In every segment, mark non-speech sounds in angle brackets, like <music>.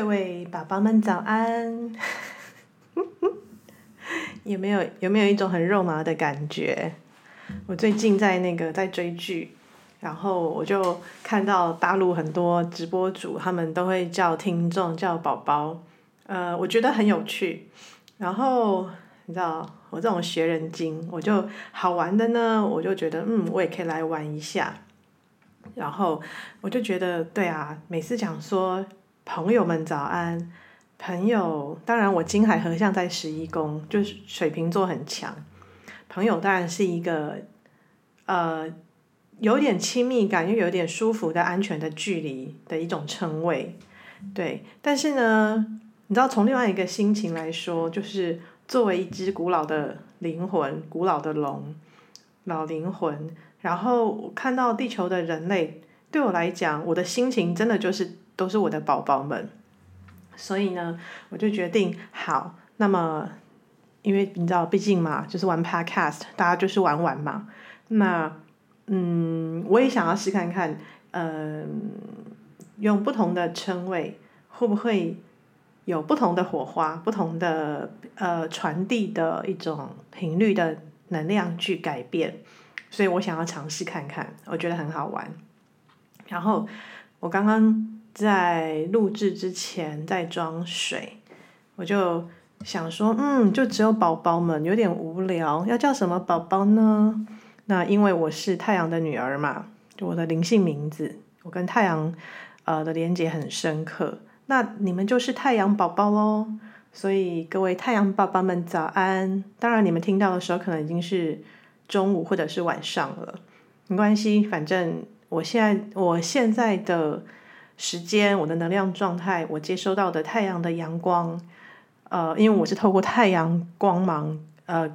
各位寶寶們早安， <laughs> 有沒有有沒有一種很肉麻的感覺？我最近在那個在追劇，然後我就看到大陸很多直播主，他們都會叫聽眾叫寶寶，呃，我覺得很有趣。然後你知道我這種學人精，我就好玩的呢，我就覺得嗯，我也可以來玩一下。然後我就覺得對啊，每次講說。朋友們早安，朋友當然我金海合相在十一宮，就是水瓶座很強。朋友當然是一個呃有點親密感又有點舒服的安全的距離的一種稱謂，對。但是呢，你知道從另外一個心情來說，就是作為一隻古老的靈魂、古老的龍、老靈魂，然後我看到地球的人類，對我來講，我的心情真的就是。都是我的寶寶們，所以呢，我就決定好。那麼，因為你知道，畢竟嘛，就是玩 Podcast，大家就是玩玩嘛。那，嗯，我也想要試看看，嗯、呃，用不同的稱謂，會不會有不同的火花，不同的呃傳遞的一種頻率的能量去改變。嗯、所以我想要嘗試看看，我覺得很好玩。然後，我剛剛。在錄製之前在裝水，我就想說，嗯，就只有寶寶們有點無聊，要叫什麼寶寶呢？那因為我是太陽的女兒嘛，我的靈性名字，我跟太陽呃的連接很深刻，那你們就是太陽寶寶嘍。所以各位太陽寶寶們早安！當然你們聽到的時候可能已經是中午或者是晚上了，沒關係，反正我現在，我現在的。時間，我的能量狀態，我接收到的太陽的陽光，呃，因為我是透過太陽光芒，呃，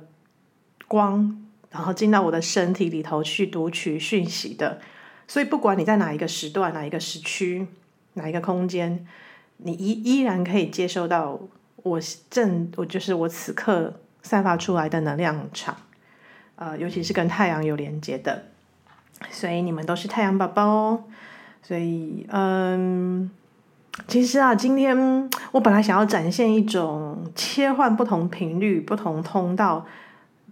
光，然後進到我的身體裡頭去讀取訊息的，所以不管你在哪一個時段、哪一個時區、哪一個空間，你依依然可以接收到我正我就是我此刻散發出來的能量場，呃，尤其是跟太陽有連接的，所以你們都是太陽寶寶哦。所以，嗯，其實啊，今天我本來想要展現一種切換不同頻率、不同通道，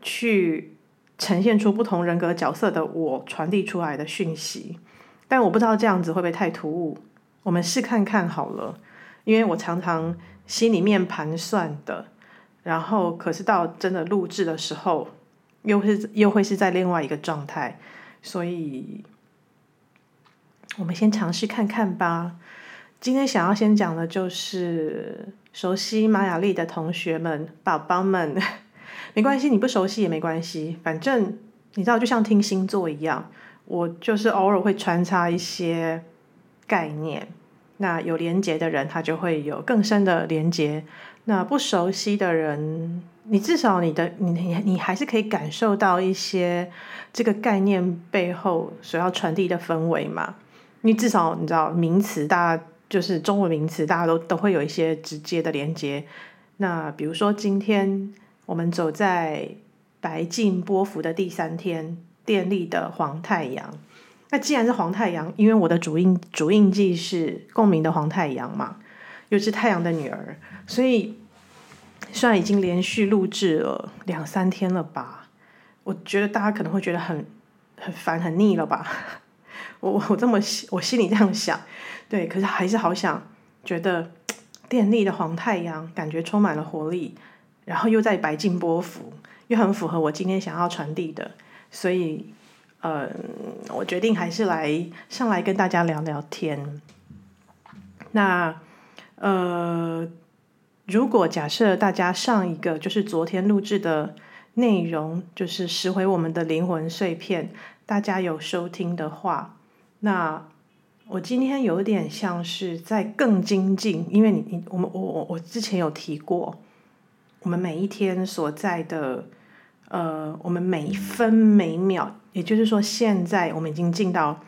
去呈現出不同人格角色的我傳遞出來的訊息，但我不知道這樣子會不會太突兀。我們試看看好了，因為我常常心裡面盤算的，然後可是到真的錄製的時候，又是又會是在另外一個狀態，所以。我們先嘗試看看吧。今天想要先講的就是熟悉瑪雅曆的同學們、寶寶們呵呵，沒關係，你不熟悉也沒關係，反正你知道，就像聽星座一樣，我就是偶爾會穿插一些概念。那有連接的人，他就會有更深的連接；那不熟悉的人，你至少你的你你你還是可以感受到一些這個概念背後所要傳遞的氛圍嘛。因為至少你知道，名詞大家就是中文名詞，大家都都會有一些直接的連接。那比如說，今天我們走在白鏡波符的第三天，電力的黃太陽。那既然是黃太陽，因為我的主印主印記是共鳴的黃太陽嘛，又是太陽的女兒，所以雖然已經連續錄制了兩三天了吧，我覺得大家可能會覺得很很煩、很膩了吧。我我這麼心，我心裡這樣想，對，可是還是好想覺得電力的黃太陽，感覺充滿了活力，然後又在白淨波伏，又很符合我今天想要傳遞的，所以，呃，我決定還是來上來跟大家聊聊天。那，呃，如果假設大家上一個就是昨天錄制的內容，就是拾回我們的靈魂碎片，大家有收聽的話。那我今天有點像是在更精進，因為你、你、我們、我、我、我之前有提過，我們每一天所在的呃，我們每分每秒，也就是說，現在我們已經進到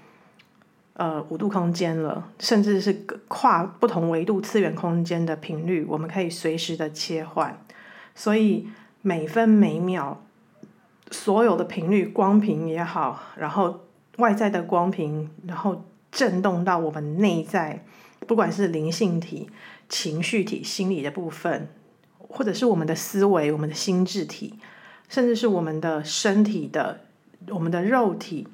呃五度空間了，甚至是跨不同維度、次元空間的頻率，我們可以隨時的切換，所以每分每秒所有的頻率、光頻也好，然後。外在的光頻，然後震動到我們內在，不管是靈性體、情緒體、心理的部分，或者是我們的思維、我們的心智體，甚至是我們的身體的、我們的肉體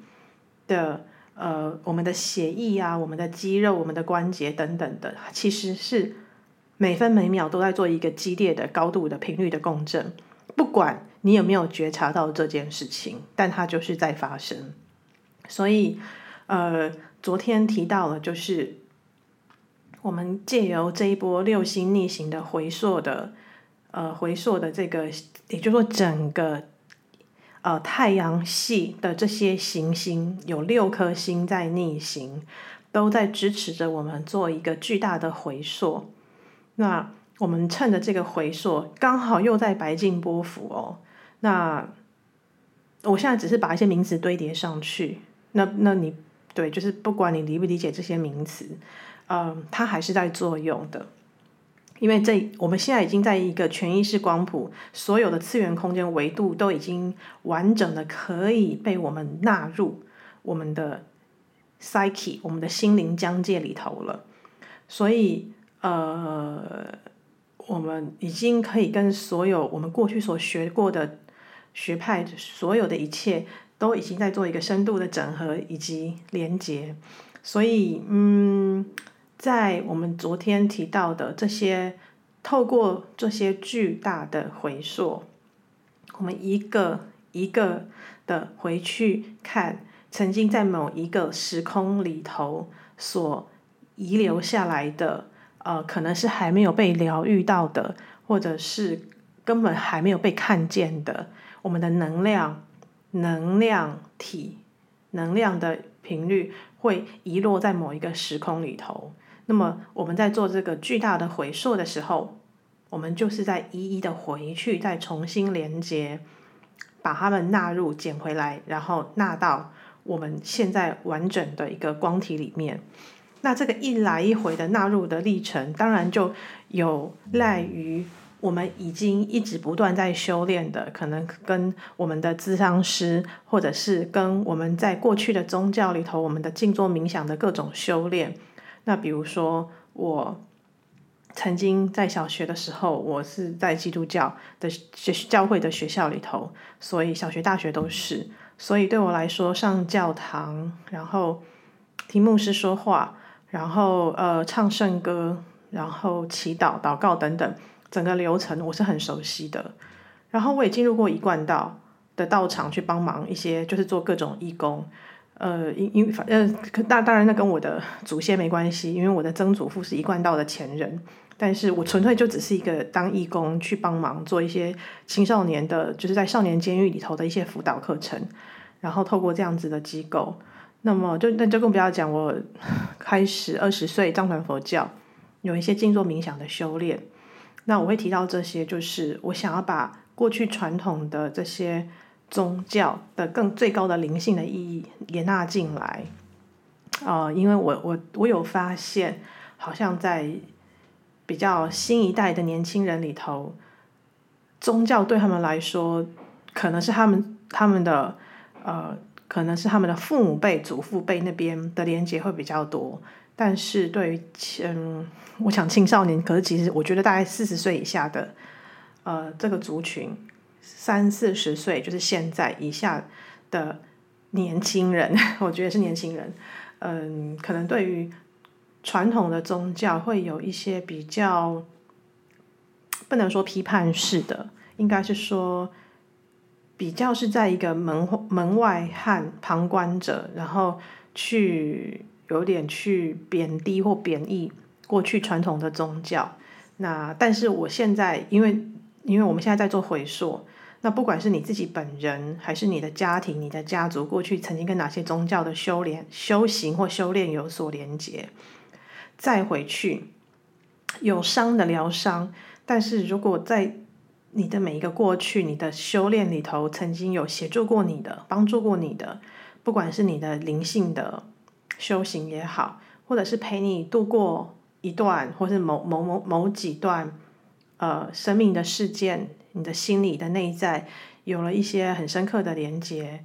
的、呃，我們的血液啊、我們的肌肉、我們的關節等等的，其實是每分每秒都在做一個激烈的、高度的頻率的共振，不管你有沒有覺察到這件事情，但它就是在發生。所以，呃，昨天提到了，就是我們借由這一波六星逆行的回溯的，呃，回溯的這個，也就是說，整個呃太陽系的這些行星有六顆星在逆行，都在支持着我們做一個巨大的回溯。那我們趁着這個回溯，剛好又在白金波幅哦。那我現在只是把一些名詞堆疊上去。那，那你對，就是不管你理不理解這些名詞，嗯、呃，它還是在作用的，因為這我們現在已經在一個全意識光譜，所有的次元空間維度都已經完整的可以被我們納入我們的 psyche，我們的心靈疆界裡頭了，所以呃，我們已經可以跟所有我們過去所學過的學派所有的一切。都已經在做一個深度的整合以及連接，所以，嗯，在我們昨天提到的這些，透過這些巨大的回溯，我們一個一個的回去看，曾經在某一個時空裡頭所遺留下來的，呃，可能是還沒有被療癒到的，或者是根本還沒有被看見的，我們的能量。能量體，能量的頻率會遺落在某一個時空裡頭。那麼我們在做這個巨大的回溯的時候，我們就是在一一的回去，再重新連接，把它們納入、撿回來，然後納到我們現在完整的一個光體裡面。那這個一來一回的納入的歷程，當然就有賴於。.我們已經一直不斷在修煉的，可能跟我們的諮商師，或者是跟我們在過去的宗教裡頭，我們的靜坐冥想的各種修煉。那比如說，我曾經在小學的時候，我是在基督教的學、教會的學校裡頭，所以小學、大學都是。所以對我來說，上教堂，然後聽牧師說話，然後呃唱聖歌，然後祈禱、禱告、禱告等等。整個流程我是很熟悉的，然後我也進入過一貫道的道場去幫忙一些，就是做各種義工。呃，因因為，呃，那當然那跟我的祖先沒關係，因為我的曾祖父是一貫道的前人，但是我純粹就只是一個當義工去幫忙做一些青少年的，就是在少年監獄裡頭的一些輔導課程，然後透過這樣子的機構，那麼就那就更不要講我開始二十歲藏傳佛教有一些靜坐冥想的修煉。那我會提到這些，就是我想要把過去傳統的這些宗教的更最高的靈性的意義也納進來，哦、呃，因為我我我有發現，好像在比較新一代的年輕人裡頭，宗教對他們來說，可能是他們他們的呃，可能是他們的父母輩、祖父輩那邊的連接會比較多。但是對於，嗯，我想青少年，可是其實我覺得大概四十歲以下的，呃，這個族群三四十歲，就是現在以下的年輕人，我覺得是年輕人，嗯，可能對於傳統的宗教會有一些比較，不能說批判式的，應該是說比較是在一個門門外漢、旁觀者，然後去。有點去貶低或貶義過去傳統的宗教。那但是我現在，因為因為我們現在在做回溯，那不管是你自己本人，還是你的家庭、你的家族，過去曾經跟哪些宗教的修煉、修行或修煉有所連結，再回去有傷的療傷。但是如果在你的每一個過去，你的修煉裡頭曾經有協助過你的、幫助過你的，不管是你的靈性的。修行也好，或者是陪你度過一段，或是某某某某幾段，呃，生命的事件，你的心理的內在有了一些很深刻的連接，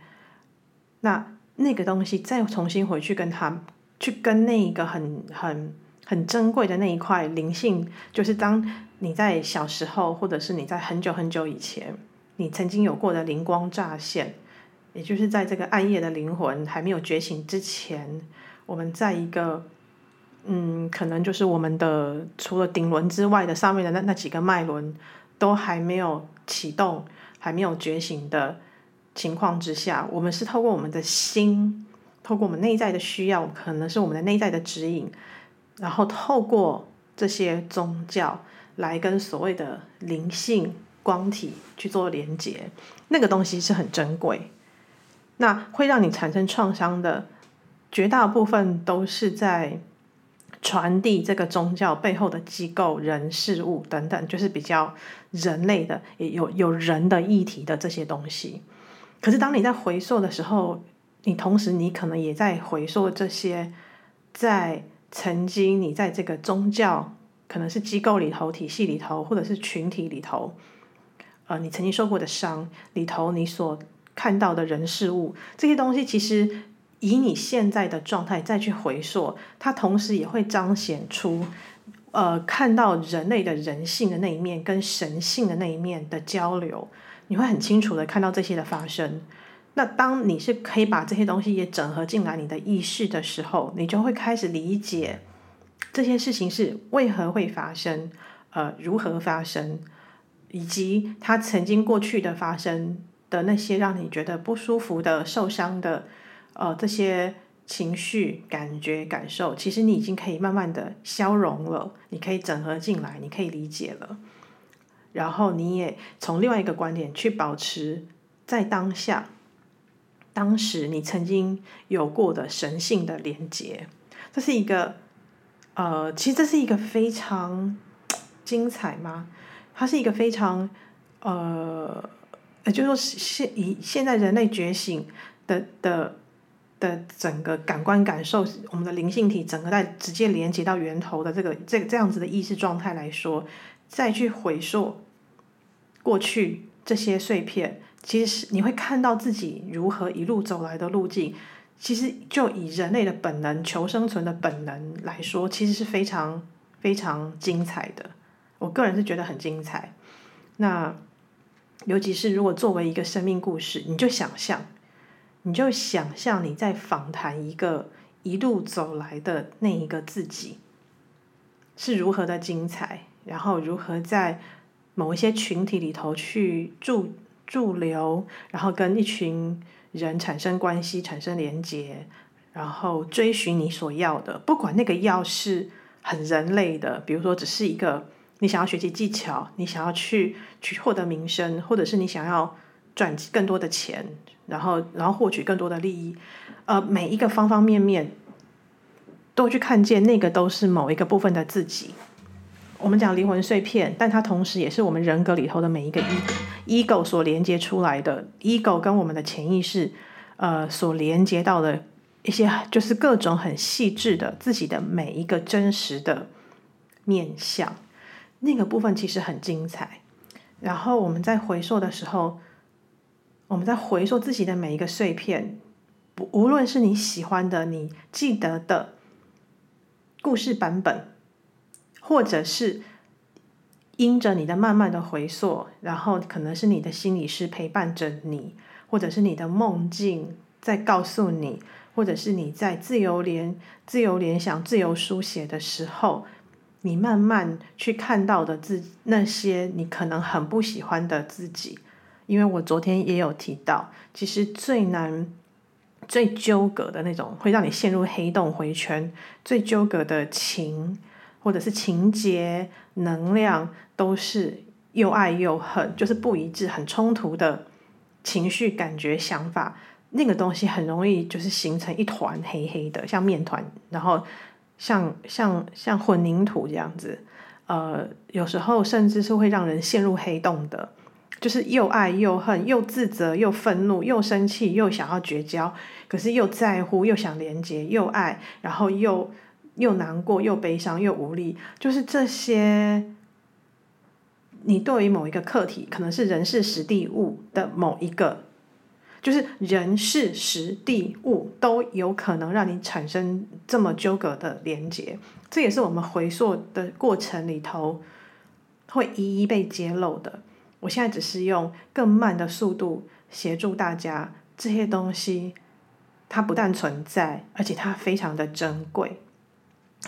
那那個東西再重新回去跟他去跟那一個很很很珍貴的那一塊靈性，就是當你在小時候，或者是你在很久很久以前，你曾經有過的靈光乍現，也就是在這個暗夜的靈魂還沒有覺醒之前。我們在一個，嗯，可能就是我們的除了頂輪之外的上面的那那幾個脈輪都還沒有啟動，還沒有覺醒的情況之下，我們是透過我們的心，透過我們內在的需要，可能是我們的內在的指引，然後透過這些宗教來跟所謂的靈性光體去做連接，那個東西是很珍貴，那會讓你產生創傷的。絕大部分都是在傳遞這個宗教背後的機構、人事物等等，就是比較人類的，也有有人的議題的這些東西。可是，當你在回溯的時候，你同時你可能也在回溯這些在曾經你在這個宗教，可能是機構裡頭、體系裡頭，或者是群體裡頭，呃，你曾經受過的傷裡頭，你所看到的人事物這些東西，其實。以你現在的狀態再去回溯，它同時也會彰顯出，呃，看到人類的人性的那一面跟神性的那一面的交流，你會很清楚地看到這些的發生。那當你是可以把這些東西也整合進來你的意識的時候，你就會開始理解這些事情是為何會發生，呃，如何發生，以及它曾經過去的發生的那些讓你覺得不舒服的、受傷的。呃，這些情緒、感覺、感受，其實你已經可以慢慢的消融了，你可以整合進來，你可以理解了。然後你也從另外一個觀點去保持在當下、當時你曾經有過的神性的連結，這是一個呃，其實這是一個非常精彩嘛，它是一個非常呃，就是說，現以現在人類覺醒的的。的整個感官感受，我們的靈性體整個在直接連接到源頭的這個這個、這樣子的意識狀態來說，再去回溯過去這些碎片，其實你會看到自己如何一路走來的路徑。其實就以人類的本能、求生存的本能來說，其實是非常非常精彩的。我個人是覺得很精彩。那尤其是如果作為一個生命故事，你就想象你就想象你在訪談一個一路走來的那一個自己，是如何的精彩，然後如何在某一些群體裡頭去駐駐留，然後跟一群人產生關係、產生連接，然後追尋你所要的，不管那個要是很人類的，比如說只是一個你想要學習技巧，你想要去去獲得名聲，或者是你想要。賺更多的錢，然後然後獲取更多的利益，呃，每一個方方面面都去看見，那個都是某一個部分的自己。我們講靈魂碎片，但它同時也是我們人格裡頭的每一個 e ego 所連接出來的 ego 跟我們的潛意識，呃，所連接到的一些就是各種很細緻的自己的每一個真實的面相，那個部分其實很精彩。然後我們在回溯的時候，我們在回溯自己的每一個碎片，不，無論是你喜歡的、你記得的故事版本，或者是因着你的慢慢的回溯，然後可能是你的心理師陪伴着你，或者是你的夢境在告訴你，或者是你在自由聯、自由聯想、自由書寫的時候，你慢慢去看到的自、那些你可能很不喜歡的自己。因為我昨天也有提到，其實最難、最糾葛的那種，會讓你陷入黑洞回圈。最糾葛的情，或者是情結、能量，都是又愛又恨，就是不一致、很衝突的情緒、感覺、想法，那個東西很容易就是形成一團黑黑的，像麵團，然後像像像混凝土這樣子。呃，有時候甚至是會讓人陷入黑洞的。就是又愛又恨，又自責又憤怒，又生氣又想要絕交，可是又在乎，又想連接，又愛，然後又又難過、又悲傷、又無力，就是這些。你對於某一個客體，可能是人事時地物的某一個，就是人事時地物都有可能讓你產生這麼糾葛的連接。這也是我們回溯的過程裡頭，會一一被揭露的。我現在只是用更慢的速度協助大家，這些東西，它不但存在，而且它非常的珍貴。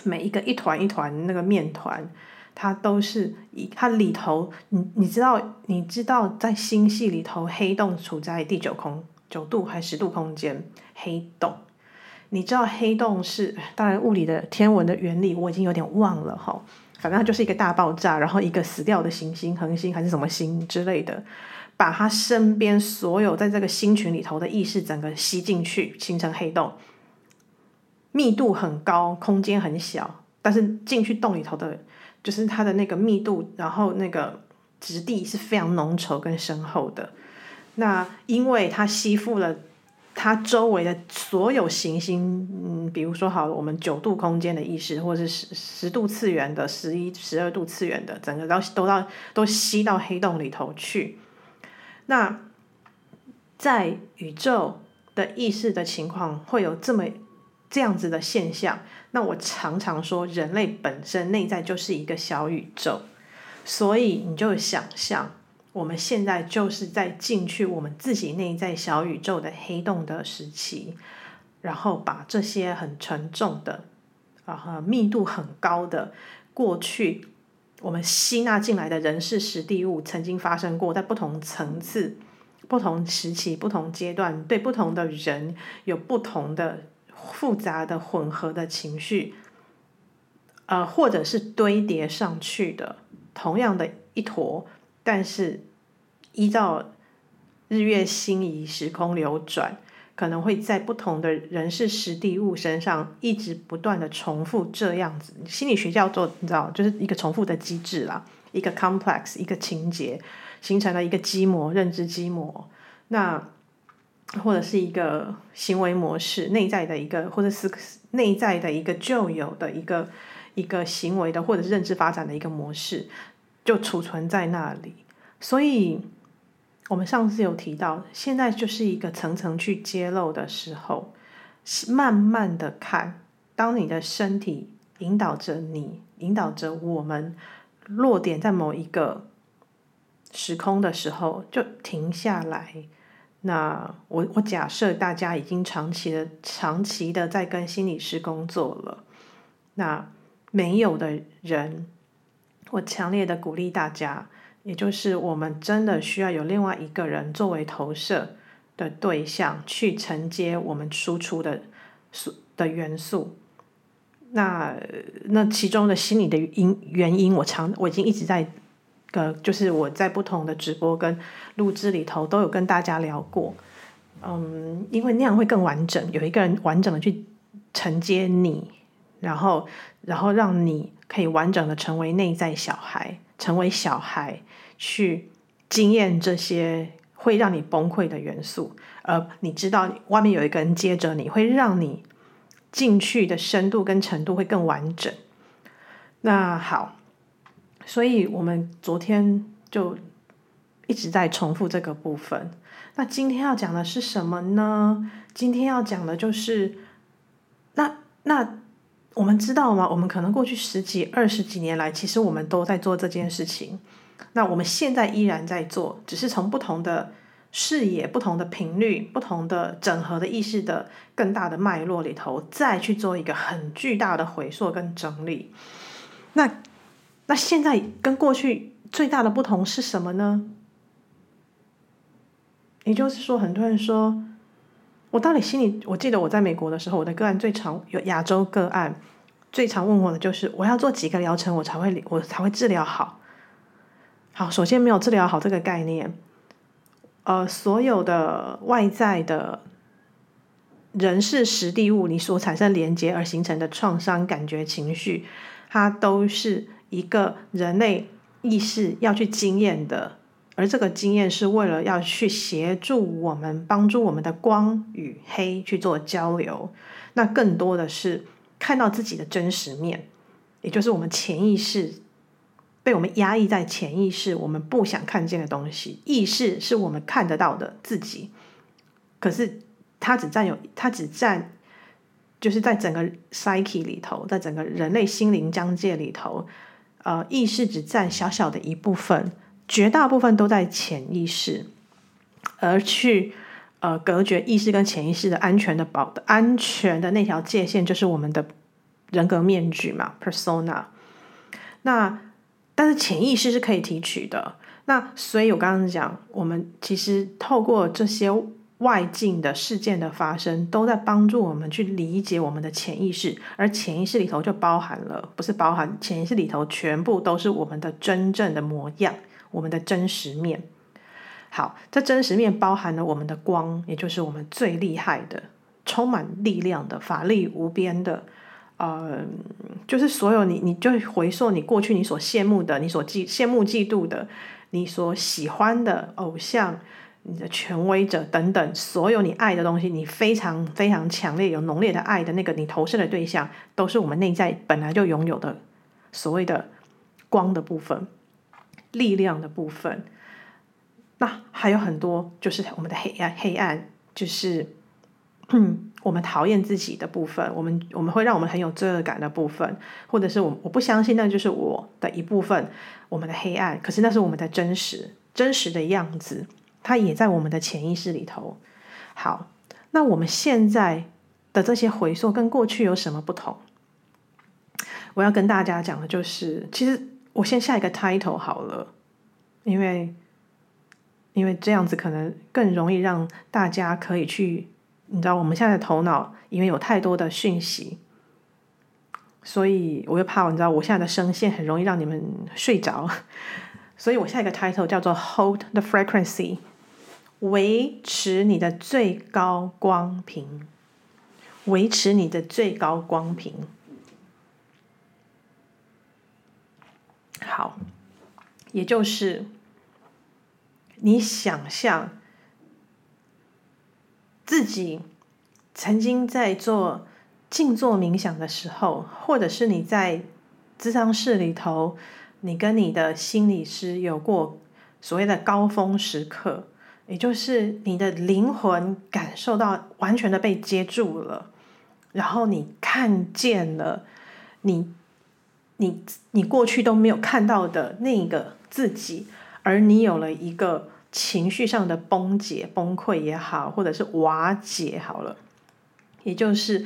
每一個一團一團的那個麵團，它都是以它裡頭，你你知道，你知道在星系裡頭，黑洞處在第九空九度還是十度空間，黑洞。你知道黑洞是，當然物理的天文的原理，我已經有點忘了哈。反正它就是一個大爆炸，然後一個死掉的行星、恆星還是什麼星之類的，把他身邊所有在這個星群裡頭的意識整個吸進去，形成黑洞。密度很高，空間很小，但是進去洞裡頭的，就是它的那個密度，然後那個質地是非常濃稠跟深厚的。那因為它吸附了。它周圍的所有行星，嗯，比如說好我們九度空間的意識，或者是十十度次元的、十一、十二度次元的，整個都都到都吸到黑洞裡頭去。那在宇宙的意識的情況會有這麼這樣子的現象。那我常常說，人類本身內在就是一個小宇宙，所以你就想象。我們現在就是在進去我們自己內在小宇宙的黑洞的時期，然後把這些很沉重的、啊，密度很高的過去我們吸納進來的人事時地物，曾經發生過在不同層次、不同時期、不同階段，對不同的人有不同的複雜的混合的情緒，呃，或者是堆疊上去的同樣的一坨，但是。依照日月星移，時空流轉，可能會在不同的人事、時地、物身上，一直不斷的重複這樣子。心理學叫做你知道，就是一個重複的機制啦，一個 complex，一個情節，形成了一個基模，認知基模，那或者是一個行為模式，內在的一個或者是內在的一個舊有的一個一個行為的，或者是認知發展的一個模式，就儲存在那裡，所以，我們上次有提到，現在就是一個層層去揭露的時候，慢慢的看。當你的身體引導着你，引導着我們落點在某一個時空的時候，就停下來。那我我假設大家已經長期的、長期的在跟心理師工作了，那沒有的人，我強烈的鼓勵大家。也就是我們真的需要有另外一個人作為投射的對象，去承接我們輸出的素的元素。那那其中的心理的因原因，我常我已經一直在，呃，就是我在不同的直播跟錄製裡頭都有跟大家聊過，嗯,因為那樣會更完整，有一個人完整的去承接你，然後然後讓你可以完整的成為內在小孩。成為小孩去經驗這些會讓你崩潰的元素，而你知道外面有一個人接着你，會讓你進去的深度跟程度會更完整。那好，所以我們昨天就一直在重複這個部分。那今天要講的是什麼呢？今天要講的就是那那。那我們知道嗎？我們可能過去十幾、二十幾年來，其實我們都在做這件事情。那我們現在依然在做，只是從不同的視野、不同的頻率、不同的整合的意識的更大的脈絡裡頭，再去做一個很巨大的回溯跟整理。那，那現在跟過去最大的不同是什麼呢？也就是說，很多人說，我到底心裡，我記得我在美國的時候，我的個案最常有亞洲個案，最常問我的就是，我要做幾個療程我才會我才會治療好？好，首先沒有治療好這個概念，呃，所有的外在的人事實地物，你所產生連接而形成的創傷感覺、情緒，它都是一個人類意識要去經驗的。而這個經驗是為了要去協助我們，幫助我們的光與黑去做交流。那更多的是看到自己的真實面，也就是我們潛意識被我們壓抑在潛意識，我們不想看見的東西。意識是我們看得到的自己，可是它只佔有，它只佔，就是在整個 psyche 裡頭，在整個人類心靈疆界裡頭，呃，意識只佔小小的一部分。絕大部分都在潛意識，而去呃隔絕意識跟潛意識的安全的保安全的那條界限，就是我們的人格面具嘛，persona。那但是潛意識是可以提取的。那所以我剛剛講，我們其實透過這些外境的事件的發生，都在幫助我們去理解我們的潛意識，而潛意識裡頭就包含了，不是包含，潛意識裡頭全部都是我們的真正的模樣。我們的真實面，好，這真實面包含了我們的光，也就是我們最厲害的、充滿力量的、法力無邊的，呃，就是所有你，你就回溯你過去你所羨慕的、你所嫉羨慕嫉妒的、你所喜歡的偶像、你的權威者等等，所有你愛的東西，你非常非常強烈、有濃烈的愛的那個你投射的對象，都是我們內在本來就擁有的所謂的光的部分。力量的部分，那還有很多，就是我們的黑暗，黑暗就是我們討厭自己的部分，我們我們會讓我們很有罪惡感的部分，或者是我我不相信那就是我的一部分，我們的黑暗，可是那是我們的真實真實的樣子，它也在我們的潛意識裡頭。好，那我們現在的這些回溯跟過去有什麼不同？我要跟大家講的就是，其實。我先下一個 title 好了，因為因為這樣子可能更容易讓大家可以去，你知道，我們現在的頭腦因為有太多的訊息，所以我又怕我，你知道，我現在的聲線很容易讓你們睡着，所以我下一個 title 叫做 Hold the Frequency，維持你的最高光頻，維持你的最高光頻。好，也就是你想象自己曾經在做靜坐冥想的時候，或者是你在諮商室裡頭，你跟你的心理師有過所謂的高峰時刻，也就是你的靈魂感受到完全的被接住了，然後你看見了你。你你過去都沒有看到的那個自己，而你有了一個情緒上的崩解、崩潰也好，或者是瓦解好了，也就是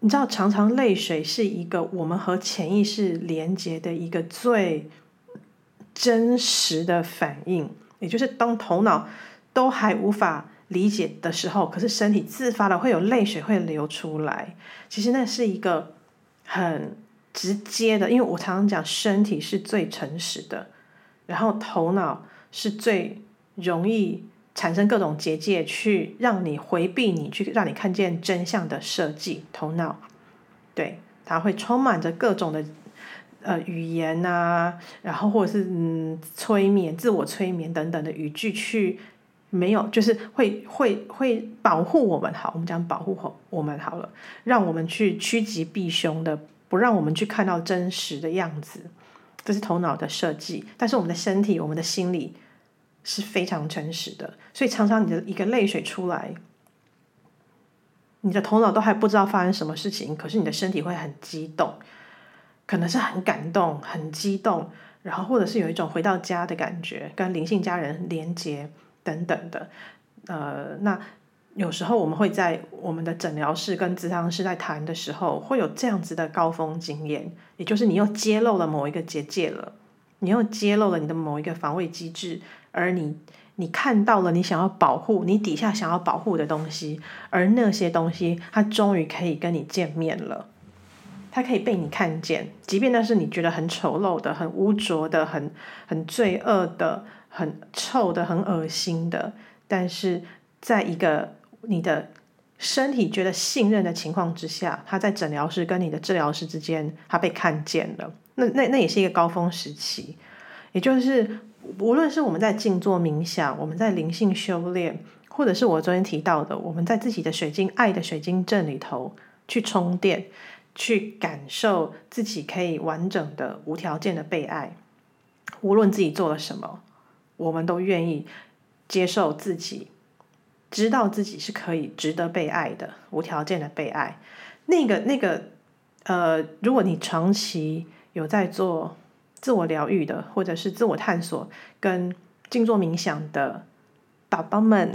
你知道，常常淚水是一個我們和潛意識連接的一個最真實的反應，也就是當頭腦都還無法理解的時候，可是身體自發的會有淚水會流出來，其實那是一個很直接的，因為我常常講，身體是最誠實的，然後頭腦是最容易產生各種結界，去讓你回避你，你去讓你看見真相的設計。頭腦，對，它會充滿着各種的，呃，語言吶、啊，然後或者是嗯，催眠、自我催眠等等的語句去，沒有，就是會會會保護我們，好，我們講保護好我們好了，讓我們去趨吉避凶的。不讓我們去看到真實的樣子，這是頭腦的設計。但是我們的身體、我們的心理是非常誠實的，所以常常你的一個淚水出來，你的頭腦都還不知道發生什麼事情，可是你的身體會很激動，可能是很感動、很激動，然後或者是有一種回到家的感覺，跟靈性家人連接等等的，呃，那。有時候我們會在我們的診療室跟諮商室在談的時候，會有這樣子的高峰經驗，也就是你又揭露了某一個結界了，你又揭露了你的某一個防衛機制，而你你看到了你想要保護你底下想要保護的東西，而那些東西它終於可以跟你見面了，它可以被你看見，即便那是你覺得很醜陋的、很污濁的、很很罪惡的、很臭的、很噁心的，但是在一個你的身體覺得信任的情況之下，他在診療室跟你的治療師之間，他被看見了。那那那也是一個高峰時期，也就是無論是我們在靜坐冥想，我們在靈性修煉，或者是我昨天提到的，我們在自己的水晶愛的水晶陣裡頭去充電，去感受自己可以完整的、無條件的被愛，無論自己做了什麼，我們都願意接受自己。知道自己是可以值得被愛的，無條件的被愛。那個那個，呃，如果你長期有在做自我療癒的，或者是自我探索跟靜坐冥想的寶寶們，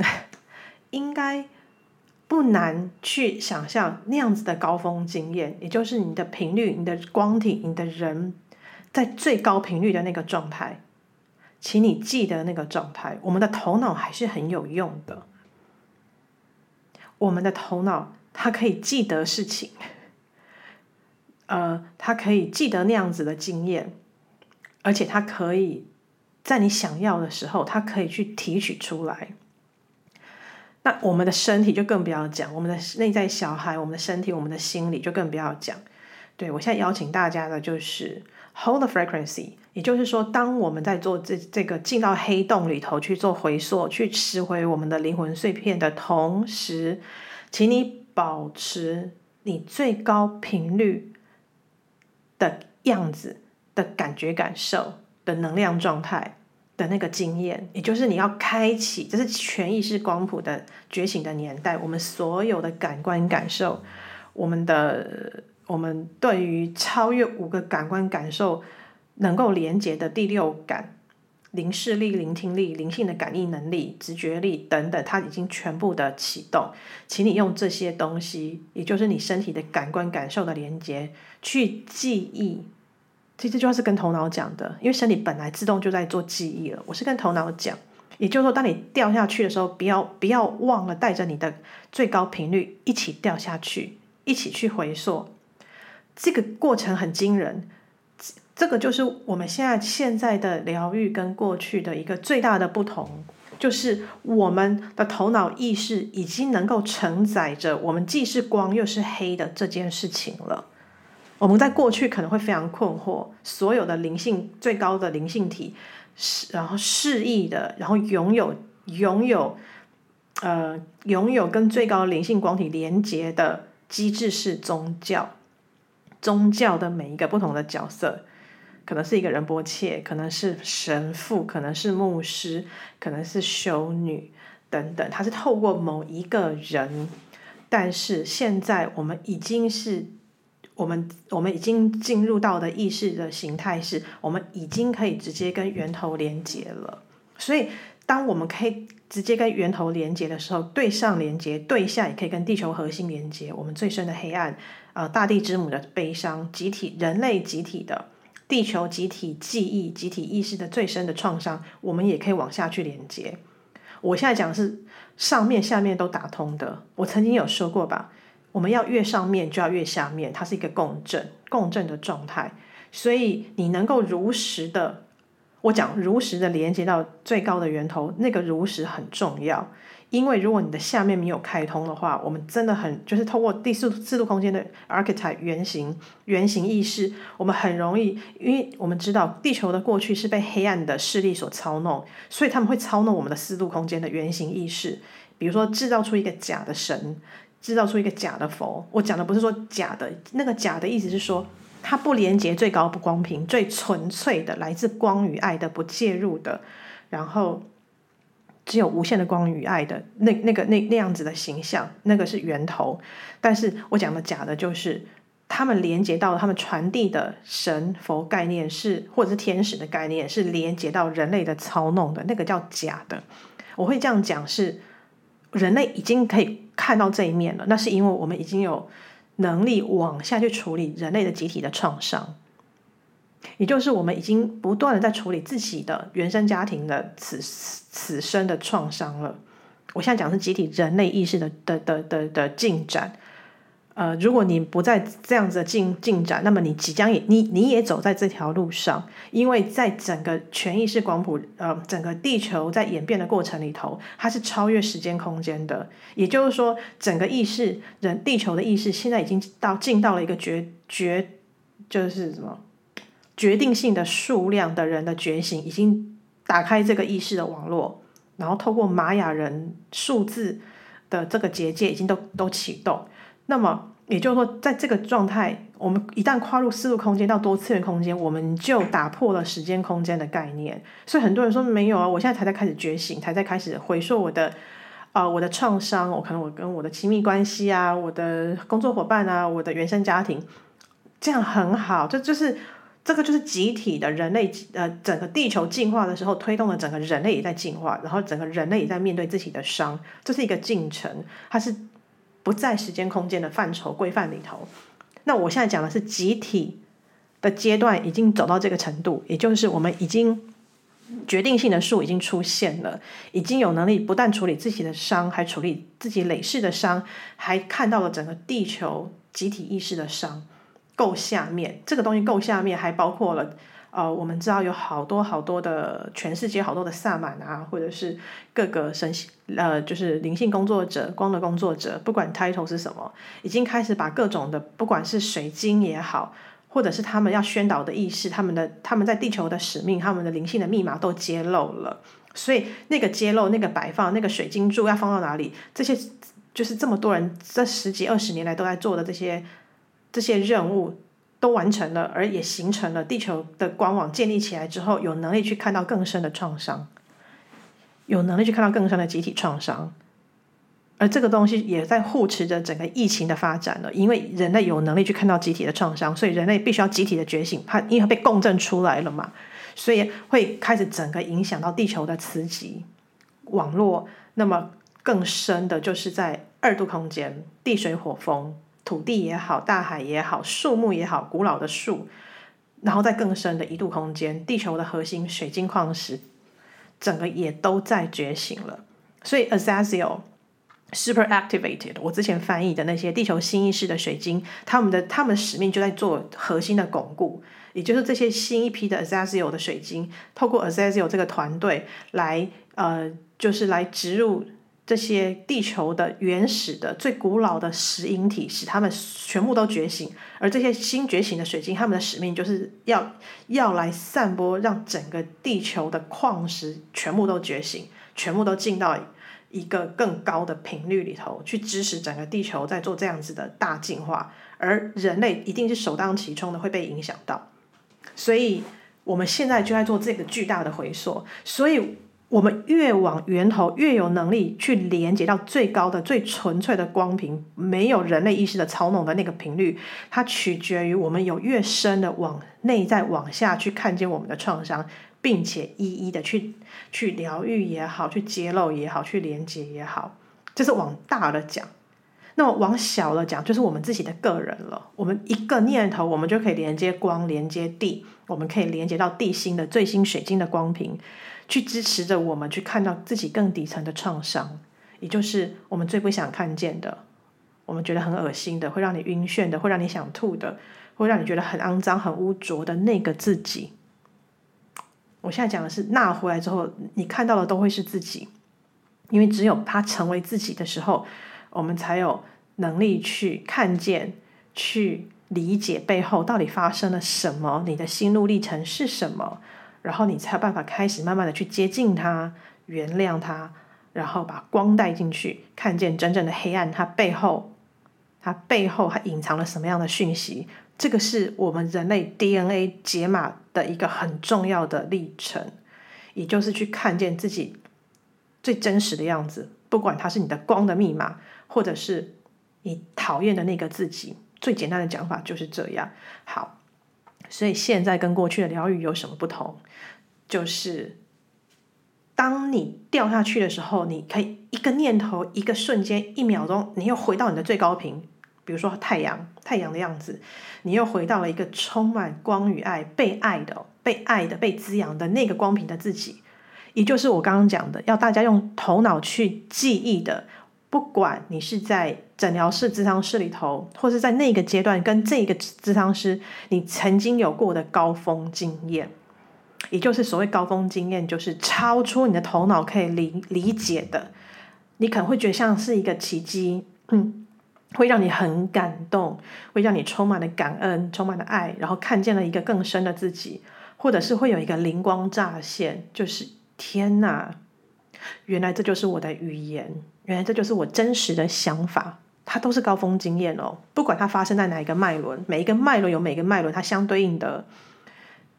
應該不難去想象那樣子的高峰經驗，也就是你的頻率、你的光體、你的人在最高頻率的那個狀態，請你記得那個狀態。我們的頭腦還是很有用的。我們的頭腦，它可以記得事情，呃，它可以記得那樣子的經驗，而且它可以在你想要的時候，它可以去提取出來。那我們的身體就更不要講，我們的內在小孩，我們的身體，我們的心理就更不要講。對，我現在邀請大家的就是。Hold the frequency，也就是說，當我們在做這這個進到黑洞裡頭去做回溯、去拾回我們的靈魂碎片的同時，請你保持你最高頻率的樣子的感覺、感受的能量狀態的那個經驗，也就是你要開啟，這是全意識光譜的覺醒的年代，我們所有的感官感受，我們的。我們對於超越五個感官感受能夠連接的第六感、靈視力、靈聽力、靈性的感應能力、直覺力等等，它已經全部的啟動。請你用這些東西，也就是你身體的感官感受的連接，去記憶。其實這句話，是跟頭腦講的，因為身體本來自動就在做記憶了。我是跟頭腦講，也就是說，當你掉下去的時候，不要不要忘了帶着你的最高頻率一起掉下去，一起去回溯。這個過程很驚人，這個就是我們現在現在的療癒跟過去的一個最大的不同，就是我們的頭腦意識已經能夠承載着我們既是光又是黑的這件事情了。我們在過去可能會非常困惑，所有的靈性最高的靈性體，是，然後示意的，然後擁有擁有，呃，擁有跟最高的靈性光體連接的機制是宗教。宗教的每一個不同的角色，可能是一個仁波切，可能是神父，可能是牧師，可能是修女等等。他是透過某一個人，但是現在我們已經是，我們我們已經進入到的意識的形態是，我們已經可以直接跟源頭連接了。所以，當我們可以。直接跟源頭連接的時候，對上連接，對下也可以跟地球核心連接。我們最深的黑暗，呃，大地之母的悲傷，集體人類集體的地球集體記憶、集體意識的最深的創傷，我們也可以往下去連接。我現在講的是上面下面都打通的。我曾經有說過吧，我們要越上面就要越下面，它是一個共振共振的狀態。所以你能夠如實的。我講如實的連接到最高的源頭，那個如實很重要，因為如果你的下面沒有開通的話，我們真的很就是通過第四度四度空間的 archetype 原型原型意識，我們很容易，因為我們知道地球的過去是被黑暗的勢力所操弄，所以他們會操弄我們的四度空間的原型意識，比如說制造出一個假的神，制造出一個假的佛。我講的不是說假的，那個假的意思是說。它不連接最高不公平，最純粹的來自光與愛的不介入的，然後只有無限的光與愛的那那個那那樣子的形象，那個是源頭。但是，我講的假的就是他們連接到他們傳遞的神佛概念是，或者是天使的概念是連接到人類的操弄的，那個叫假的。我會這樣講是，是人類已經可以看到這一面了，那是因為我們已經有。能力往下去處理人類的集體的創傷，也就是我們已經不斷的在處理自己的原生家庭的此此生的創傷了。我現在講的是集體人類意識的的的的的進展。呃，如果你不再這樣子進進展，那麼你即將也你你也走在這條路上，因為在整個全意識廣譜，呃，整個地球在演變的過程裡頭，它是超越時間空間的。也就是說，整個意識人地球的意識現在已經到進到了一個絕絕，就是什麼決定性的數量的人的覺醒，已經打開這個意識的網絡，然後透過瑪雅人數字的這個結界已經都都啟動。那麼也就是說，在這個狀態，我們一旦跨入四度空間到多次元空間，我們就打破了時間空間的概念。所以很多人說，沒有啊，我現在才在開始覺醒，才在開始回溯我的啊、呃、我的創傷。我可能我跟我的親密關係啊，我的工作伙伴啊，我的原生家庭，這樣很好。這就，就是這個就是集體的人類呃，整個地球進化的時候，推動了整個人類也在進化，然後整個人類也在面對自己的傷，這是一個進程，它是。不在時間空間的範疇規範裡頭，那我現在講的是集體的階段已經走到這個程度，也就是我們已經決定性的數已經出現了，已經有能力不但處理自己的傷，還處理自己累世的傷，還看到了整個地球集體意識的傷。夠下面這個東西夠下面，還包括了。哦、呃，我們知道有好多好多的全世界好多的薩滿啊，或者是各個神系，呃，就是靈性工作者、光的工作者，不管 title 是什麼，已經開始把各種的，不管是水晶也好，或者是他們要宣導的意識，他們的他們在地球的使命，他們的靈性的密碼都揭露了。所以那個揭露、那個擺放、那個水晶柱要放到哪裡，這些就是這麼多人這十幾二十年來都在做的這些這些任務。都完成了，而也形成了地球的光網建立起來之後，有能力去看到更深的創傷，有能力去看到更深的集體創傷，而這個東西也在護持着整個疫情的發展了。因為人類有能力去看到集體的創傷，所以人類必須要集體的覺醒。它因為它被共振出來了嘛，所以會開始整個影響到地球的磁極網絡。那麼更深的就是在二度空間，地水火風。土地也好，大海也好，樹木也好，古老的樹，然後在更深的一度空間，地球的核心水晶礦石，整個也都在覺醒了。所以 Azazio Super Activated，我之前翻譯的那些地球新意識的水晶，他們的他們使命就在做核心的鞏固，也就是這些新一批的 Azazio 的水晶，透過 Azazio 這個團隊來，呃，就是來植入。這些地球的原始的最古老的石英體，使它們全部都覺醒。而這些新覺醒的水晶，他們的使命就是要要來散播，讓整個地球的礦石全部都覺醒，全部都進到一個更高的頻率裡頭，去支持整個地球在做這樣子的大進化。而人類一定是首當其衝的會被影響到，所以我們現在就在做這個巨大的回溯。所以。我們越往源頭，越有能力去連接到最高的、最純粹的光頻，沒有人類意識的操弄的那個頻率。它取決於我們有越深的往內在往下去看見我們的創傷，並且一一的去去療癒也好，去揭露也好，去連接也好。這是往大的講。那麼往小的講，就是我們自己的個人了。我們一個念頭，我們就可以連接光，連接地，我們可以連接到地心的最新水晶的光頻。去支持着我們去看到自己更底層的創傷，也就是我們最不想看見的，我們覺得很噁心的，會讓你暈眩的，會讓你想吐的，會讓你覺得很骯髒、很污濁的那個自己。我現在講的是那回來之後，你看到的都會是自己，因為只有他成為自己的時候，我們才有能力去看見、去理解背後到底發生了什麼，你的心路歷程是什麼。然後你才有辦法開始慢慢的去接近他，原諒他，然後把光帶進去，看見真正的黑暗，它背後，它背後還隱藏了什麼樣的訊息？這個是我們人類 DNA 解碼的一個很重要的歷程，也就是去看見自己最真實的樣子，不管它是你的光的密碼，或者是你討厭的那個自己，最簡單的講法就是這樣。好。所以現在跟過去的療癒有什麼不同？就是當你掉下去的時候，你可以一個念頭、一個瞬間、一秒鐘，你又回到你的最高頻。比如說太陽，太陽的樣子，你又回到了一個充滿光與愛、被愛的、被愛的、被滋養的那個光頻的自己。也就是我剛剛講的，要大家用頭腦去記憶的，不管你是在。診療室、諮商室裡頭，或是在那個階段跟這個諮商師，你曾經有過的高峰經驗，也就是所謂高峰經驗，就是超出你的頭腦可以理理解的，你可能會覺得像是一個奇蹟，嗯，會讓你很感動，會讓你充滿了感恩、充滿了愛，然後看見了一個更深的自己，或者是會有一個靈光乍現，就是天哪、啊，原來這就是我的語言，原來這就是我真實的想法。它都是高峰經驗哦，不管它發生在哪一個脈輪，每一個脈輪有每個脈輪它相對應的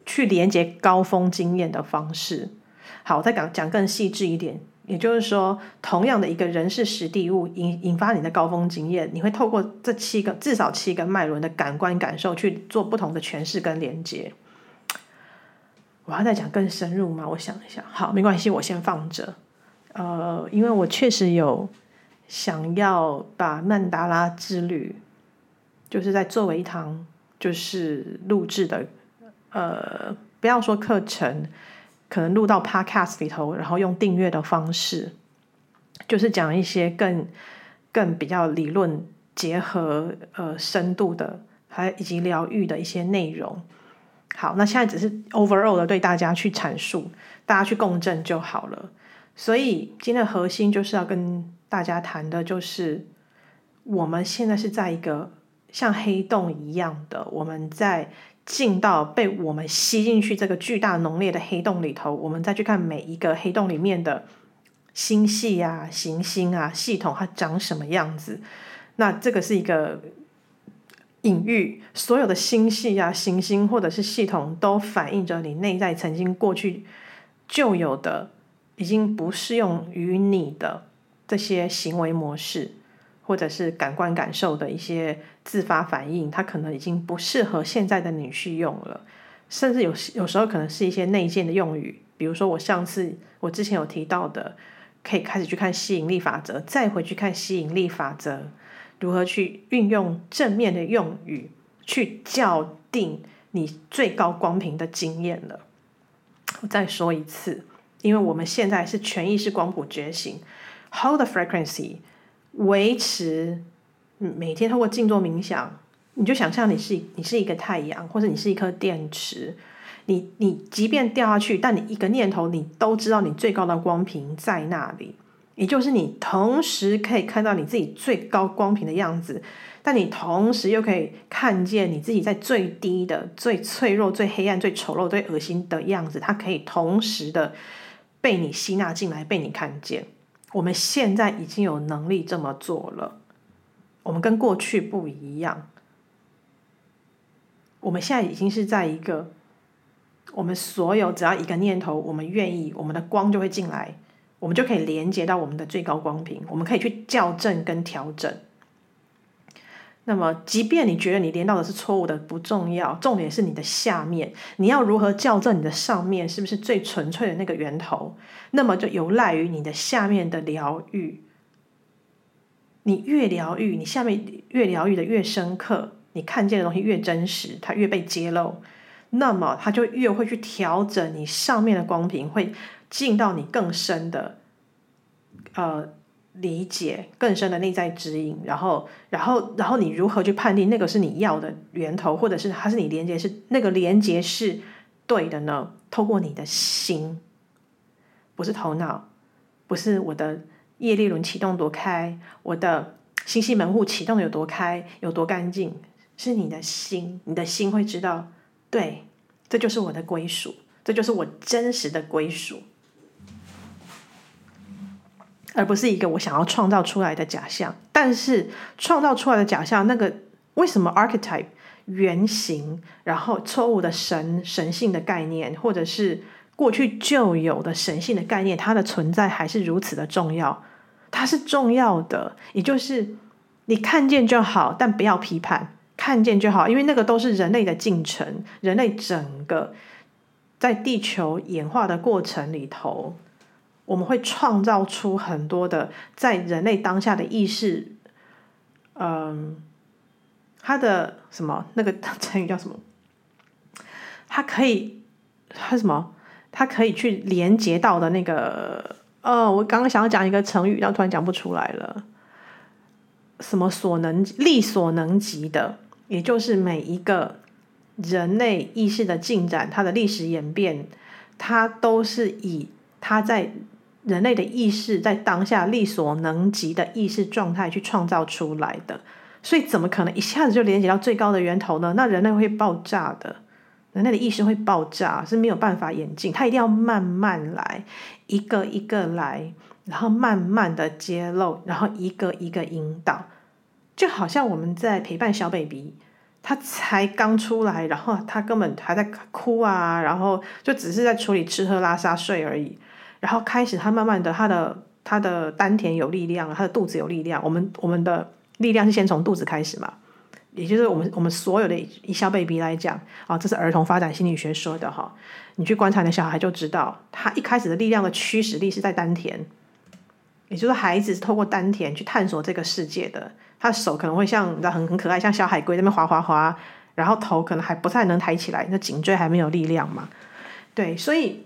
去連接高峰經驗的方式。好，我再講講更細緻一點，也就是說，同樣的一個人事時地物引引發你的高峰經驗，你會透過這七個至少七個脈輪的感官感受去做不同的詮釋跟連接。我要再講更深入嗎？我想一下，好，沒關係，我先放着。呃，因為我確實有。想要把曼達拉之旅，就是在作為一堂就是錄製的，呃，不要說課程，可能錄到 Podcast 裡頭，然後用訂閱的方式，就是講一些更更比較理論結合呃深度的，還以及療癒的一些內容。好，那現在只是 overall 的對大家去闡述，大家去共振就好了。所以今天的核心就是要跟。大家談的就是我們現在是在一個像黑洞一樣的，我們在進到被我們吸進去這個巨大濃烈的黑洞裡頭，我們再去看每一個黑洞裡面的星系啊、行星啊、系統它長什麼樣子。那這個是一個隱喻，所有的星系啊、行星或者是系統都反映着你內在曾經過去舊有的已經不適用於你的。這些行為模式，或者是感官感受的一些自發反應，它可能已經不適合現在的你去用了。甚至有有時候可能是一些內建的用語，比如說我上次我之前有提到的，可以開始去看吸引力法則，再回去看吸引力法則，如何去運用正面的用語去校定你最高光頻的經驗了。我再說一次，因為我們現在是全意識光譜覺醒。Hold the frequency，維持、嗯、每天透過靜坐冥想，你就想象，你是你是一個太陽，或是你是一顆電池。你你即便掉下去，但你一個念頭，你都知道你最高的光頻在那裡。也就是你同時可以看到你自己最高光頻的樣子，但你同時又可以看見你自己在最低的、最脆弱、最黑暗、最醜陋、最噁心的樣子。它可以同時的被你吸納進來，被你看見。我們現在已經有能力這麼做了，我們跟過去不一樣，我們現在已經是在一個，我們所有只要一個念頭，我們願意，我們的光就會進來，我們就可以連接到我們的最高光頻，我們可以去校正跟調整。那麼，即便你覺得你連到的是錯誤的，不重要，重點是你的下面，你要如何校正你的上面，是不是最純粹的那個源頭？那麼就有賴於你的下面的療癒。你越療癒，你下面越療癒的越深刻，你看見的東西越真實，它越被揭露，那麼它就越會去調整你上面的光屏，會進到你更深的，呃、理解更深的內在指引，然後，然後，然後你如何去判定那個是你要的源頭，或者是它是你連接，是那個連接是對的呢？透過你的心，不是頭腦，不是我的業力輪啟動多開，我的星系門戶啟動有多開，有多乾淨，是你的心，你的心會知道，對，這就是我的歸屬，這就是我真實的歸屬。而不是一個我想要創造出來的假象，但是創造出來的假象，那個為什麼 Archetype 原型，然後錯誤的神神性的概念，或者是過去就有的神性的概念，它的存在還是如此的重要，它是重要的，也就是你看見就好，但不要批判，看見就好，因為那個都是人類的進程，人類整個在地球演化的過程裡頭。我們會創造出很多的在人類當下的意識，嗯，它的什麼那個成語叫什麼？它可以它什麼？它可以去連接到的那個哦，我剛剛想要講一個成語，然後突然講不出來了。什麼所能，力所能及的，也就是每一個人類意識的進展，它的歷史演變，它都是以它在。人類的意識在當下力所能及的意識狀態去創造出來的，所以怎麼可能一下子就連接到最高的源頭呢？那人類會爆炸的，人類的意識會爆炸，是沒有辦法演進，他一定要慢慢來，一個一個來，然後慢慢的揭露，然後一個一個引導，就好像我們在陪伴小 baby，他才剛出來，然後他根本還在哭啊，然後就只是在處理吃喝拉撒睡而已。然後開始，他慢慢的，他的他的丹田有力量，他的肚子有力量。我們我們的力量是先從肚子開始嘛，也就是我們我們所有的一小 baby 來講啊、哦，這是兒童發展心理學說的哈、哦。你去觀察那小孩就知道，他一開始的力量的驅使力是在丹田，也就是孩子是透過丹田去探索這個世界的。他手可能會像你知道，很很可愛，像小海龜在那邊滑滑滑，然後頭可能還不太能抬起來，那頸椎還沒有力量嘛。對，所以。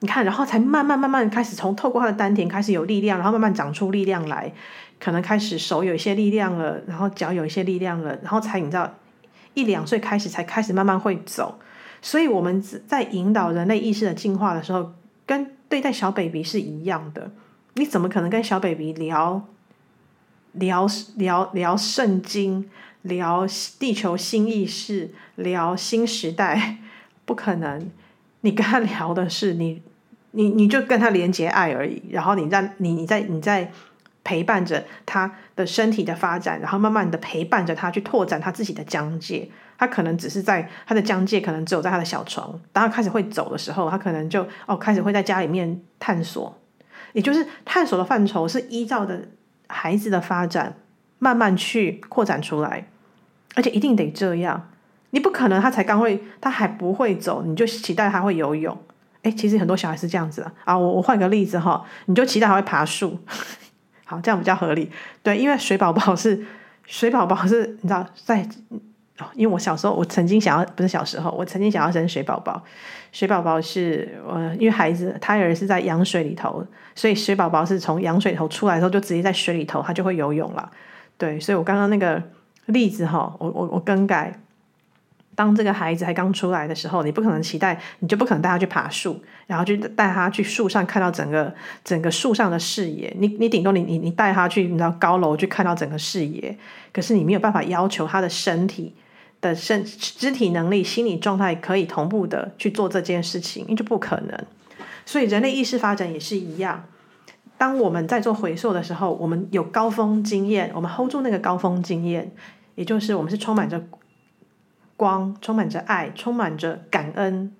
你看，然後才慢慢慢慢開始從透過他的丹田開始有力量，然後慢慢長出力量來，可能開始手有一些力量了，然後腳有一些力量了，然後才你知道，一兩歲開始才開始慢慢會走。所以我們在引導人類意識的進化的時候，跟對待小 baby 是一樣的。你怎麼可能跟小 baby 聊聊聊聊聖經、聊地球新意識、聊新時代？不可能，你跟他聊的是你。你你就跟他連接愛而已，然後你在你你在你在陪伴着他的身體的發展，然後慢慢的陪伴着他去拓展他自己的疆界。他可能只是在他的疆界，可能只有在他的小床。當他開始會走的時候，他可能就哦開始會在家裡面探索，也就是探索的範疇是依照的孩子的發展慢慢去擴展出來，而且一定得這樣。你不可能他才剛會，他還不會走，你就期待他會游泳。哎、欸，其實很多小孩是這樣子的啊，啊！我我換個例子哈，你就期待他會爬樹，好，這樣比較合理。對，因為水寶寶是水寶寶是，你知道，在，因為我小時候我曾經想要，不是小時候，我曾經想要生水寶寶。水寶寶是，呃，因為孩子胎兒是在羊水裡頭，所以水寶寶是從羊水頭出來的時候就直接在水裡頭，他就會游泳了。對，所以我剛剛那個例子哈，我我我更改。當這個孩子還剛出來的時候，你不可能期待，你就不可能帶他去爬樹，然後就帶他去樹上看到整個整個樹上的視野。你你頂多你你你帶他去你知道高樓去看到整個視野，可是你沒有辦法要求他的身體的身肢體能力、心理狀態可以同步的去做這件事情，那就不可能。所以人類意識發展也是一樣。當我們在做回溯的時候，我們有高峰經驗，我們 hold 住那個高峰經驗，也就是我們是充滿着。光充滿着愛，充滿着感恩，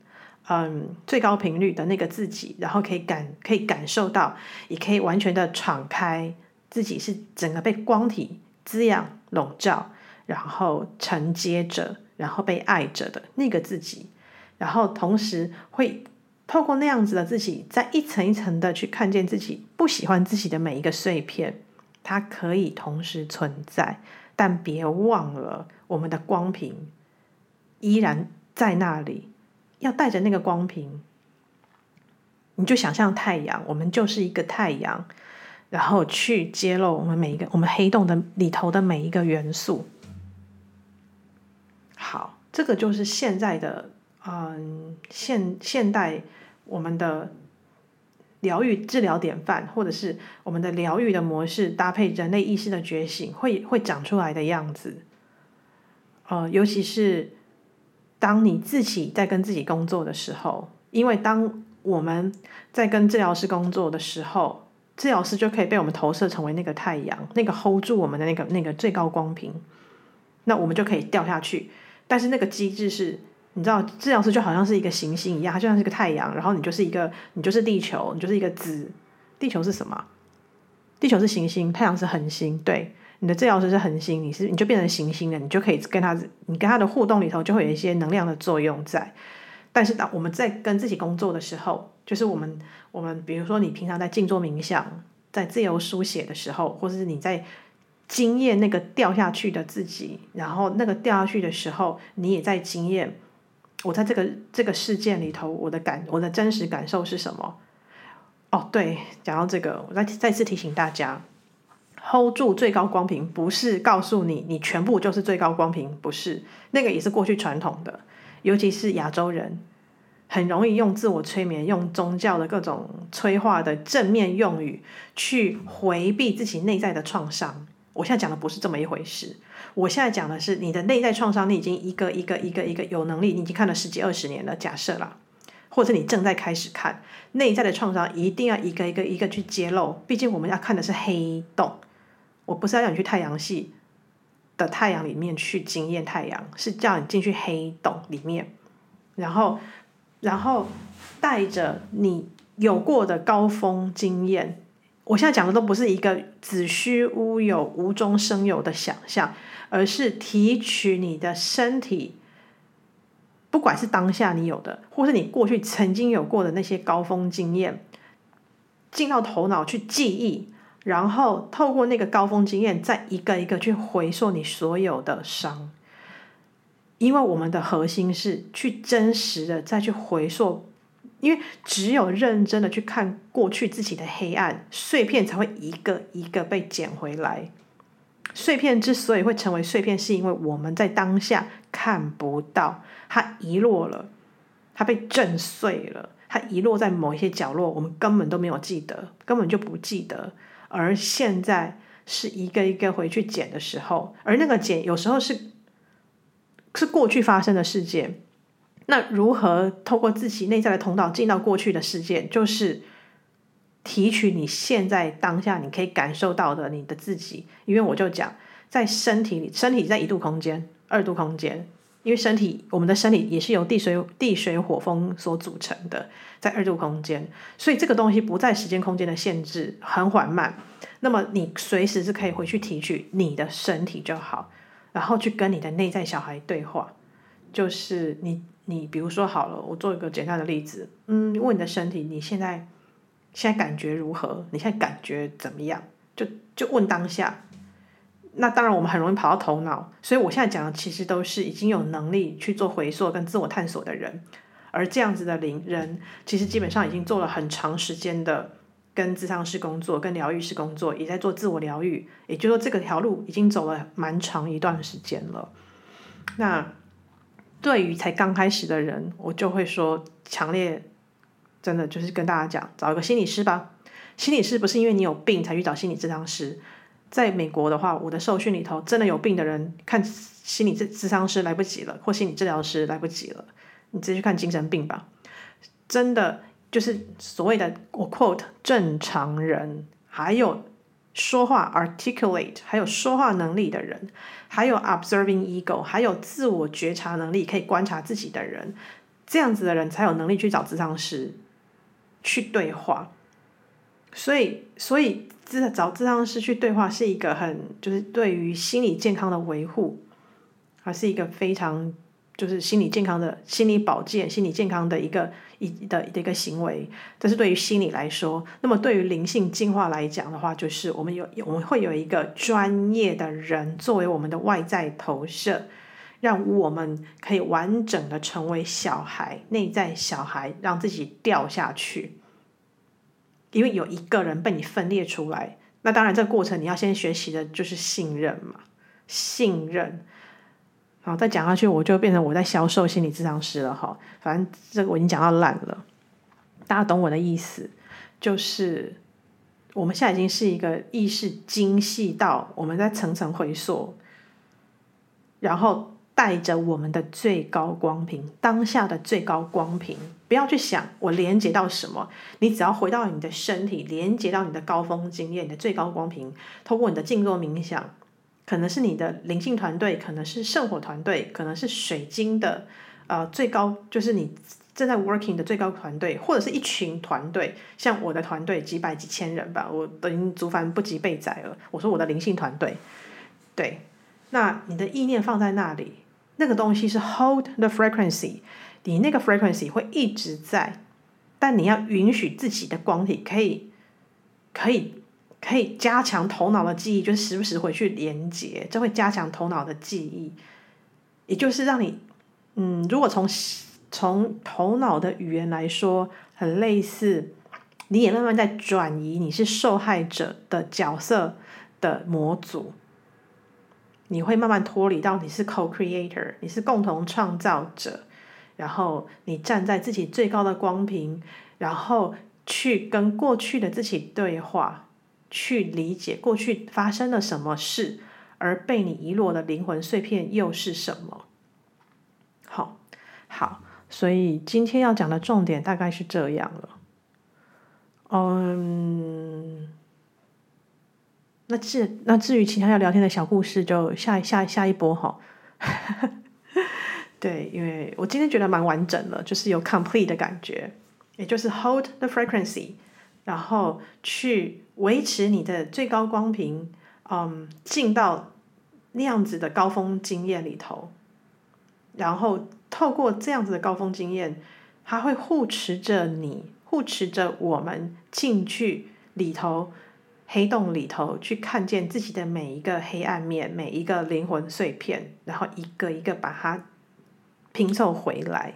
嗯，最高頻率的那個自己，然後可以感可以感受到，也可以完全的敞開自己，是整個被光體滋養、籠罩，然後承接着，然後被愛着的那個自己，然後同時會透過那樣子的自己，再一層一層的去看見自己不喜歡自己的每一個碎片，它可以同時存在，但別忘了我們的光頻。依然在那裡，要帶着那個光屏，你就想象，太陽，我們就是一個太陽，然後去揭露我們每一個我們黑洞的裡頭的每一個元素。好，這個就是現在的嗯、呃、現現代我們的療癒治療典範，或者是我們的療癒的模式搭配人類意識的覺醒會會長出來的樣子。呃，尤其是。當你自己在跟自己工作的時候，因為當我們在跟治療師工作的時候，治療師就可以被我們投射成為那個太陽，那個 hold 住我們的那個那個最高光頻，那我們就可以掉下去。但是那個機制是，你知道，治療師就好像是一個行星一樣，它就像是一個太陽，然後你就是一個，你就是地球，你就是一個子。地球是什麼？地球是行星，太陽是恆星，對。你的治療師是恆星，你是你就變成行星了，你就可以跟他，你跟他的互動裡頭就會有一些能量的作用在。但是當我們在跟自己工作的時候，就是我們我們比如說你平常在靜坐冥想，在自由書寫的時候，或者是你在經驗那個掉下去的自己，然後那個掉下去的時候，你也在經驗我在這個這個事件裡頭，我的感我的真實感受是什麼？哦，對，講到這個，我再再次提醒大家。Hold 住最高光頻，不是告訴你你全部就是最高光頻，不是那個也是過去傳統的，尤其是亞洲人，很容易用自我催眠，用宗教的各種催化的正面用語去回避自己內在的創傷。我現在講的不是這麼一回事，我現在講的是你的內在創傷，你已經一個一個一個一個一個有能力，你已經看了十幾二十年了，假設啦，或者你正在開始看內在的創傷，一定要一個一個一個去揭露，畢竟我們要看的是黑洞。我不是要讓你去太陽系的太陽裡面去經驗太陽，是叫你進去黑洞裡面，然後，然後帶着你有過的高峰經驗。我現在講的都不是一個子虛烏有、無中生有的想象，而是提取你的身體，不管是當下你有的，或是你過去曾經有過的那些高峰經驗，進到頭腦去記憶。然後透過那個高峰經驗，再一個一個去回溯你所有的傷，因為我們的核心是去真實的再去回溯。因為只有認真的去看過去自己的黑暗碎片，才會一個一個被撿回來。碎片之所以會成為碎片，是因為我們在當下看不到它，遺落了，它被震碎了，它遺落在某一些角落，我們根本都沒有記得，根本就不記得。而現在是一個一個回去撿的時候，而那個撿有時候是是過去發生的事件。那如何透過自己內在的通道進到過去的事件，就是提取你現在當下你可以感受到的你的自己。因為我就講，在身體裡，身體在一度空間、二度空間。因為身體，我們的身體也是由地水地水火風所組成的，在二度空間，所以這個東西不在時間空間的限制，很緩慢。那麼你隨時是可以回去提取你的身體就好，然後去跟你的內在小孩對話。就是你你比如說好了，我做一個簡單的例子，嗯，問你的身體，你現在現在感覺如何？你現在感覺怎麼樣？就就問當下。那當然，我們很容易跑到頭腦，所以我現在講的其實都是已經有能力去做回溯跟自我探索的人，而這樣子的靈人，其實基本上已經做了很長時間的跟諮商師工作、跟療癒師工作，也在做自我療癒，也就是說，這個條路已經走了蠻長一段時間了。那對於才剛開始的人，我就會說，強烈，真的就是跟大家講，找一個心理師吧。心理師不是因為你有病才去找心理諮商師。在美國的話，我的受訓裡頭，真的有病的人看心理諮商師來不及了，或心理治療師來不及了，你直接去看精神病吧。真的就是所謂的我 quote 正常人，還有說話 articulate，還有說話能力的人，還有 observing ego，還有自我覺察能力可以觀察自己的人，這樣子的人才有能力去找諮商師，去對話。所以，所以。找治療師去對話是一個很，就是對於心理健康的維護，而是一個非常，就是心理健康的、心理保健、心理健康的一個一的的、的一個行為。但是對於心理來說，那麼對於靈性進化來講的話，就是我們有我們會有一個專業的人作為我們的外在投射，讓我們可以完整的成為小孩、內在小孩，讓自己掉下去。因為有一個人被你分裂出來，那當然這個過程你要先學習的就是信任嘛，信任，然後再講下去我就變成我在銷售心理諮商師了哈，反正這個我已經講到爛了，大家懂我的意思，就是我們現在已經是一個意識精細到我們在層層回溯。然後。帶着我們的最高光頻，當下的最高光頻，不要去想我連接到什麼，你只要回到你的身體，連接到你的高峰經驗，你的最高光頻，通過你的靜坐冥想，可能是你的靈性團隊，可能是聖火團隊，可能是水晶的，呃，最高就是你正在 working 的最高團隊，或者是一群團隊，像我的團隊幾百幾千人吧，我都已經族繁不及備載了。我說我的靈性團隊，對，那你的意念放在那裡。這、那個東西是 hold the frequency，你那個 frequency 會一直在，但你要允許自己的光體可以，可以，可以加強頭腦的記憶，就是時不時回去連接，這會加強頭腦的記憶，也就是讓你，嗯，如果從從頭腦的語言來說，很類似，你也慢慢在轉移你是受害者的角色的模組。你會慢慢脫離到你是 co-creator，你是共同創造者，然後你站在自己最高的光頻，然後去跟過去的自己對話，去理解過去發生了什麼事，而被你遺落的靈魂碎片又是什麼。好、哦，好，所以今天要講的重點大概是這樣了。嗯、um。那至那至於其他要聊天的小故事，就下下下一波哈。 <laughs> 對，因為我今天覺得蠻完整了，就是有 complete 的感覺，也就是 hold the frequency，然後去維持你的最高光頻，嗯，進到那樣子的高峰經驗裡頭，然後透過這樣子的高峰經驗，它會護持着你，護持着我們進去裡頭。黑洞裡頭去看見自己的每一個黑暗面，每一個靈魂碎片，然後一個一個把它拼湊回來，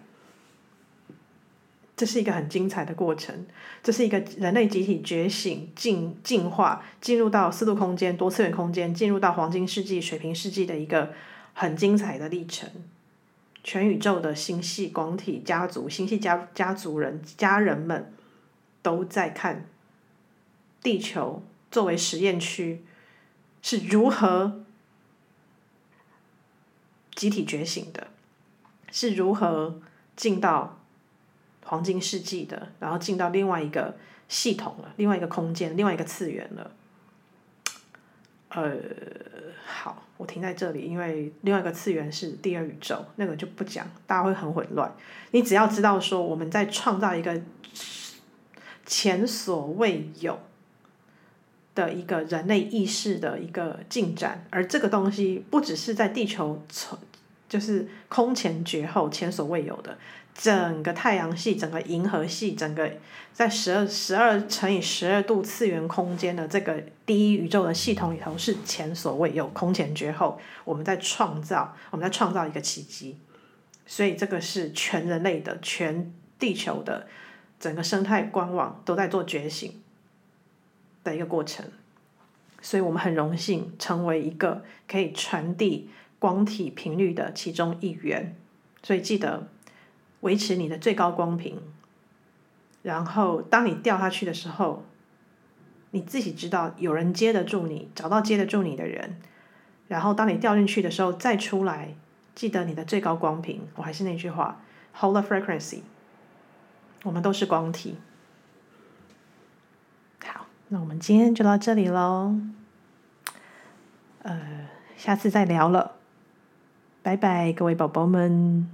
這是一個很精彩的過程。這是一個人類集體覺醒、進進化、進入到四度空間、多次元空間、進入到黃金世紀、水平世紀的一個很精彩的歷程。全宇宙的星系光體家族、星系家家族人、家人們都在看地球。作為實驗區是如何集體覺醒的？是如何進到黃金世紀的，然後進到另外一個系統了，另外一個空間，另外一個次元了。呃，好，我停在這裡，因為另外一個次元是第二宇宙，那個就不講，大家會很混亂。你只要知道說，我們在創造一個前所未有。的一個人類意識的一個進展，而這個東西不只是在地球，從就是空前絕後、前所未有的，整個太陽系、整個銀河系、整個在十二十二乘以十二度次元空間的這個第一宇宙的系統裡頭是前所未有、空前絕後。我們在創造，我們在創造一個奇蹟，所以這個是全人類的、全地球的整個生態官網都在做覺醒的一個過程，所以我們很榮幸成為一個可以傳遞光體頻率的其中一員。所以記得維持你的最高光頻，然後當你掉下去的時候，你自己知道有人接得住你，找到接得住你的人。然後當你掉進去的時候再出來，記得你的最高光頻。我還是那句話，Hold the frequency。我們都是光體。那我們今天就到這裡嘍，呃，下次再聊了，拜拜，各位寶寶們。